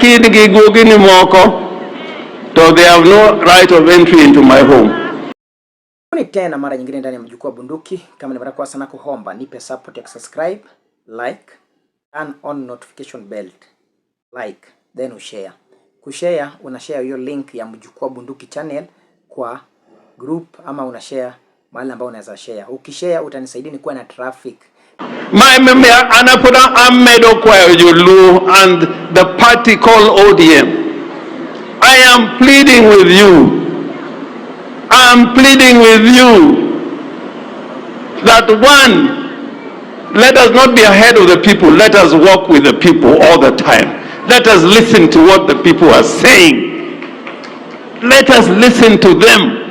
kidgi gugini moko to they have no right of entry into my home tena mara nyingine ndani ya Mjukuu wa Bunduki. Kama ni mara kwa sana kuhomba, nipe support ya subscribe like, and on notification bell, like then ushare. Kushare una share hiyo link ya Mjukuu wa Bunduki channel kwa group ama una share mahali ambao unaweza share. Ukishare utanisaidia ni kuwa na traffic Annapurna Ahmed Okwayojulu and the party called ODM. I am pleading with you. I am pleading with you that one, let us not be ahead of the people. Let us walk with the people all the time. Let us listen to what the people are saying. Let us listen to them.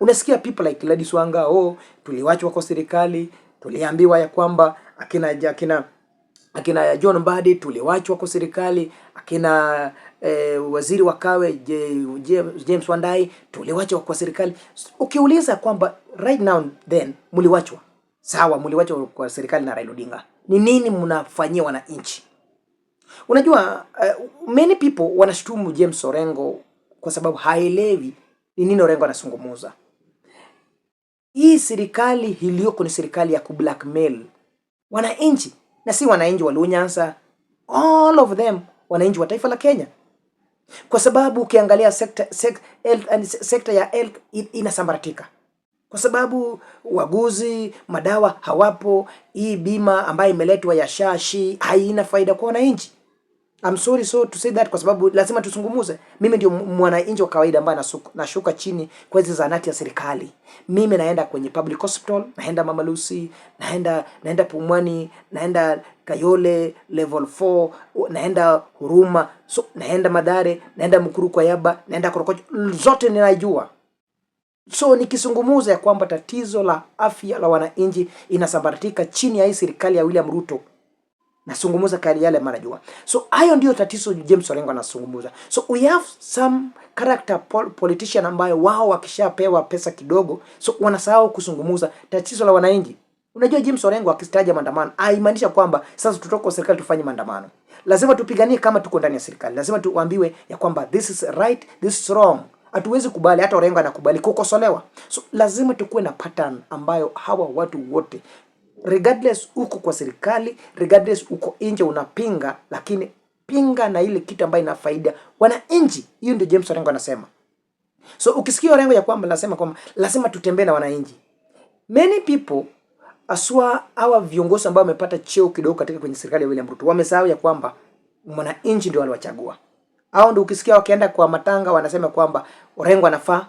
Unasikia people like ladiswanga oh, tuliwachwa kwa serikali Tuliambiwa ya kwamba akina akina akina John Mbadi tuliwachwa kwa serikali, akina e, waziri wa kawe James Wandai tuliwachwa kwa serikali. Ukiuliza kwamba right now then mliwachwa sawa, mliwachwa kwa serikali na Raila Odinga, ni nini mnafanyia wananchi? Unajua uh, many people wanashutumu James Orengo kwa sababu haelewi ni nini Orengo anasungumuza hii serikali iliyoko ni serikali ya kublackmail wananchi, na si wananchi wa Lunyasa, all of them wananchi wa taifa la Kenya, kwa sababu ukiangalia sekta sekta, health, sekta ya health inasambaratika kwa sababu waguzi, madawa hawapo. Hii bima ambayo imeletwa ya shashi haina faida kwa wananchi. I'm sorry so to say that kwa sababu lazima tuzungumuze. Mimi ndio mwananchi wa kawaida ambaye nashuka chini kwa hizo zanati ya serikali. Mimi naenda kwenye public hospital, naenda Mama Lucy, naenda naenda Pumwani, naenda Kayole level 4, naenda Huruma, so naenda Madare, naenda Mkuru kwa Yaba, naenda Korokocho, zote ninajua. So nikizungumuza ya kwamba tatizo la afya la wananchi inasambaratika chini ya hii serikali ya William Ruto nasungumuza kali yale mara jua. So hayo ndio tatizo James Orengo anasungumuza. So we have some character pol politician ambayo wao wakishapewa pesa kidogo, so wanasahau kusungumuza tatizo la wananchi. Unajua James Orengo akitaja maandamano haimaanisha kwamba sasa tutoke serikali tufanye maandamano. Lazima tupiganie kama tuko ndani ya serikali, lazima tuambiwe ya kwamba this is right, this is wrong. Hatuwezi kubali, hata Orengo anakubali kukosolewa. So lazima tukuwe na pattern ambayo hawa watu wote regardless uko kwa serikali, regardless uko nje, unapinga lakini pinga na ile kitu ambayo ina faida wananchi. Hiyo ndio James Orengo anasema. So ukisikia Orengo ya kwamba anasema kwamba lazima tutembee na wananchi, many people aswa hawa viongozi ambao wamepata cheo kidogo katika kwenye serikali ya William Ruto wamesahau ya kwamba mwananchi ndio aliwachagua hao. Ndio ukisikia wakienda kwa matanga wanasema kwamba Orengo anafaa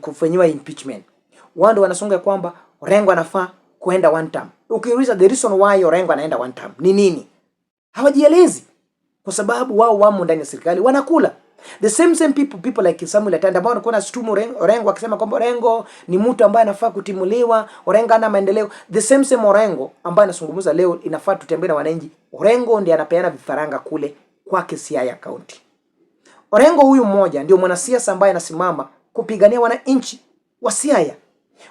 kufanyiwa impeachment, wao ndio wanasonga kwamba Orengo anafaa kuenda one term. Ukiuliza the reason why Orengo anaenda one term ni nini, hawajielezi kwa sababu wao wamo ndani ya serikali wanakula the same same people people like Samuel Atanda ambao walikuwa wanashutumu Orengo akisema kwamba Orengo ni mtu ambaye anafaa kutimuliwa, Orengo ana maendeleo. The same same Orengo ambaye anazungumza leo, inafaa tutembee na wananchi. Orengo ndiye anapeana vifaranga kule kwake Siaya County. Orengo huyu mmoja ndio mwanasiasa ambaye anasimama kupigania wananchi wa Siaya.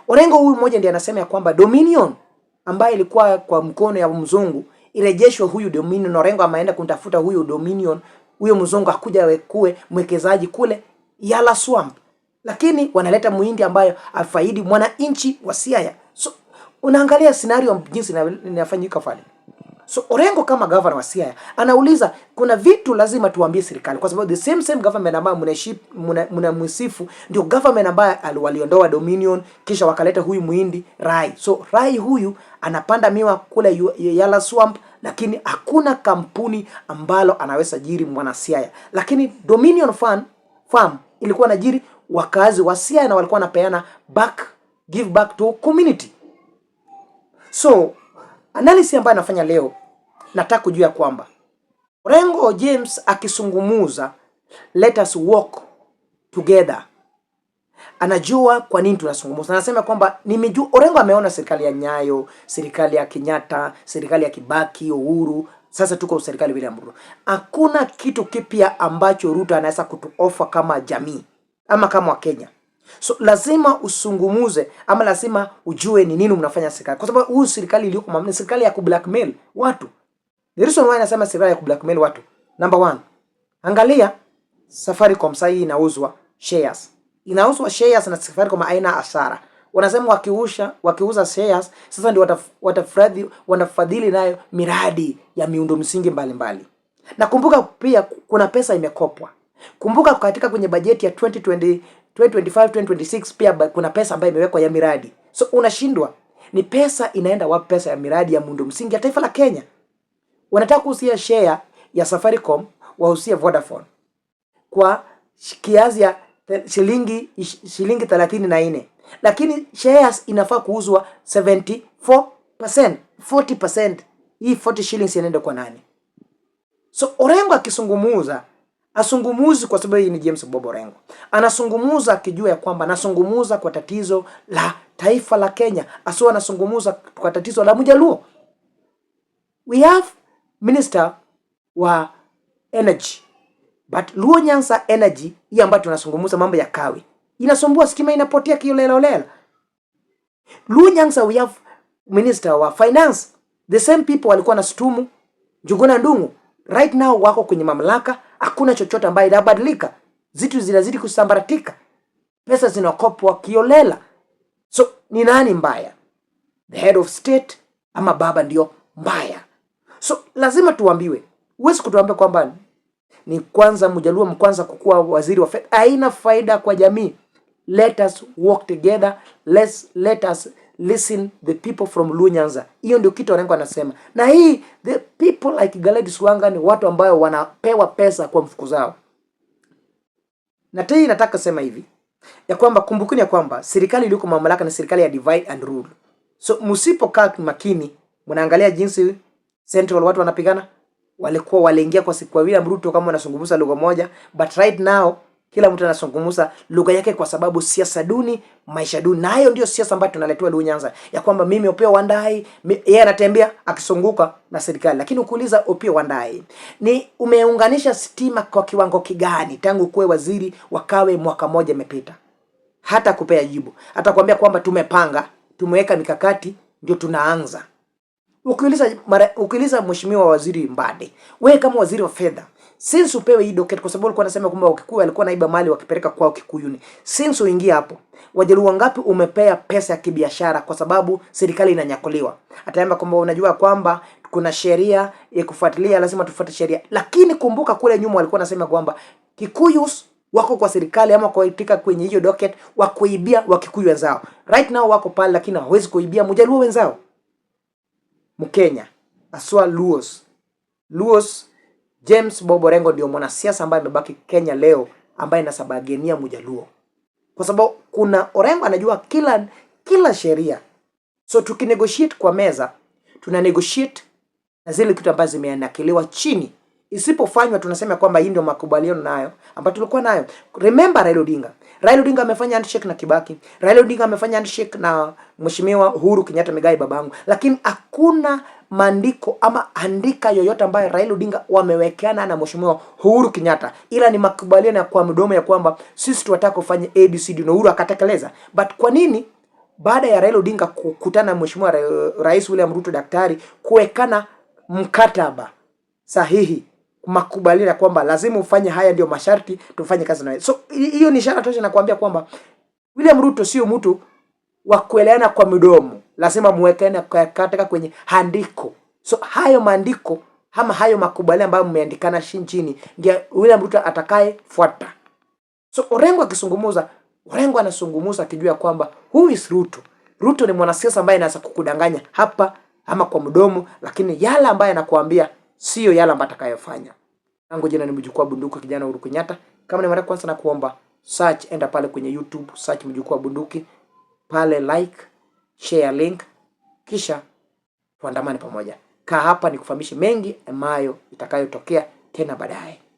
Orengo huyu mmoja ndiye anasema ya kwamba Dominion ambaye ilikuwa kwa mkono ya mzungu irejeshwe huyu Dominion. Orengo ameenda kumtafuta huyu Dominion, huyo mzungu akuja wekue mwekezaji kule Yala Swamp, lakini wanaleta muhindi ambayo afaidi mwananchi wa Siaya. So unaangalia scenario jinsi inafanyika pale. So Orengo kama governor wa Siaya anauliza kuna vitu lazima tuambie serikali kwa sababu the same same government ambayo mnamsifu ndio government ambayo waliondoa Dominion kisha wakaleta huyu Muhindi Rai. So Rai huyu anapanda miwa kule Yala Swamp lakini hakuna kampuni ambalo anaweza jiri mwana Siaya. Lakini Dominion Farm farm ilikuwa na jiri wakazi wa Siaya na walikuwa wanapeana back give back to community. So analysis ambayo anafanya leo nataka kujua ya kwamba Orengo James akisungumuza let us walk together, anajua kwa nini tunasungumuza. Anasema kwamba nimejua, Orengo ameona serikali ya Nyayo, serikali ya Kenyatta, serikali ya Kibaki, Uhuru sasa tuko serikali bila Ruto. Hakuna kitu kipya ambacho Ruto anaweza kutuofa kama jamii ama kama Wakenya. So lazima usungumuze ama lazima ujue ni nini mnafanya serikali, kwa sababu huu serikali iliyoko ni serikali ya kublackmail watu. The reason anasema nasema silaha ya kublackmail watu. Number one. Angalia Safaricom sasa hii inauzwa shares. Inauzwa shares na Safaricom aina hasara. Wanasema wakiusha, wakiuza shares sasa ndio watafadhili wanafadhili nayo miradi ya miundo msingi mbalimbali. Na kumbuka pia kuna pesa imekopwa. Kumbuka katika kwenye bajeti ya 2020 2025 2026 pia kuna pesa ambayo imewekwa ya miradi. So unashindwa ni pesa inaenda wapi pesa ya miradi ya miundo msingi ya taifa la Kenya? Wanataka kuhusia share ya Safaricom wahusie Vodafone kwa kiasi ya shilingi shilingi 34, lakini shares inafaa kuuzwa 74%, 40%. Hii 40 shillings inaenda kwa nani? So Orengo akisungumuza asungumuzi kwa sababu hii ni James Bob Orengo. Anasungumuza akijua ya kwamba anasungumuza kwa tatizo la taifa la Kenya, asio anasungumuza kwa tatizo la Mjaluo. We have minister wa energy but Luo Nyanza energy hii ambayo tunazungumza mambo ya kawi inasumbua, stima inapotea kiolelaolela. Luo Nyanza we have minister wa finance, the same people walikuwa na stumu Njuguna Ndungu, right now wako kwenye mamlaka, hakuna chochote ambayo inabadilika, zitu zinazidi kusambaratika, pesa zinakopwa kiolela. So ni nani mbaya, the head of state ama baba ndio mbaya? So lazima tuambiwe, huwezi kutuambia kwamba ni kwanza mjaluo mkwanza kukuwa waziri wa fedha, haina faida kwa jamii. Let us work together. Let's, let us listen the people from Luo Nyanza. Hiyo ndio kitu wanangu anasema na hii the people like Galedi Wanga ni watu ambayo wanapewa pesa kwa mfuko zao, na tena nataka sema hivi ya kwamba kumbukuni ya kwamba serikali iliyoko mamlaka ni serikali ya divide and rule. So msipokaa makini, mnaangalia jinsi Central watu wanapigana, walikuwa waliingia kwa siku William Ruto kama wanazungumza lugha moja, but right now kila mtu anazungumza lugha yake, kwa sababu siasa duni, maisha duni, na hayo ndio siasa ambayo tunaletewa Luo Nyanza, ya kwamba mimi Opio Wandayi yeye anatembea akizunguka na serikali. Lakini ukiuliza Opio Wandayi, ni umeunganisha stima kwa kiwango kigani tangu kuwe waziri wakawe mwaka moja imepita? Hata kupea jibu, hata kuambia kwamba tumepanga, tumeweka mikakati, ndio tunaanza Ukiuliza mara ukiuliza mheshimiwa waziri Mbade, wewe kama waziri wa fedha, since upewe hii docket kwa sababu alikuwa anasema kwamba Wakikuyu alikuwa naiba mali wakipeleka kwao Kikuyuni. Since uingia hapo, Wajaluo wangapi umepea pesa ya kibiashara kwa sababu serikali inanyakuliwa? Ataemba kwamba unajua kwamba kuna sheria ya kufuatilia, lazima tufuate sheria. Lakini kumbuka kule nyuma walikuwa anasema kwamba Kikuyu wako kwa serikali ama kuitika kwenye hiyo docket wa kuibia Wakikuyu wenzao. Right now wako pale, lakini hawezi kuibia Mjaluo wenzao. Mkenya aswa Luos. Luos James bob orengo ndio mwanasiasa ambaye amebaki Kenya leo ambaye nasabagenia mujaluo Kwa sababu kuna Orengo anajua kila kila sheria. So tukinegotiate kwa meza, tuna negotiate na zile kitu ambazo zimenakiliwa chini. Isipofanywa tunasema kwamba hii ndio makubaliano nayo ambayo tulikuwa nayo. Remember Raila Odinga Raila Odinga amefanya handshake na Kibaki. Raila Odinga amefanya handshake na Mheshimiwa Uhuru Kenyatta Migai babangu. Lakini hakuna maandiko ama andika yoyote ambayo Raila Odinga wamewekeana na Mheshimiwa Uhuru Kenyatta, ila ni makubaliano ya kwa mdomo ya kwamba sisi tunataka kufanya ABCD na Uhuru akatekeleza. But kwa nini baada ya Raila Odinga kukutana na Mheshimiwa Rais William Ruto daktari kuwekana mkataba sahihi makubaliano ya kwamba lazima ufanye haya, ndio masharti tufanye kazi na wewe. So hiyo ni ishara tosha nakwambia kwamba William Ruto sio mtu wa kueleana kwa midomo, lazima muwekane katika kwenye andiko. So hayo maandiko ama hayo makubaliano ambayo mmeandikana chini ndio William Ruto atakayefuata. So Orengo akizungumza, Orengo anazungumza akijua kwamba who is Ruto. Ruto ni mwanasiasa ambaye anaweza kukudanganya hapa ama kwa mdomo, lakini yale ambayo anakuambia siyo yale ambayo atakayofanya. Langu jina ni Mjukuu Bunduki, kijana Uhuru Kenyatta. Kama ni mara kwanza, na kuomba search, enda pale kwenye YouTube search Mjukuu Bunduki pale, like share link, kisha tuandamane pamoja. Kaa hapa nikufahamishe mengi ambayo itakayotokea tena baadaye.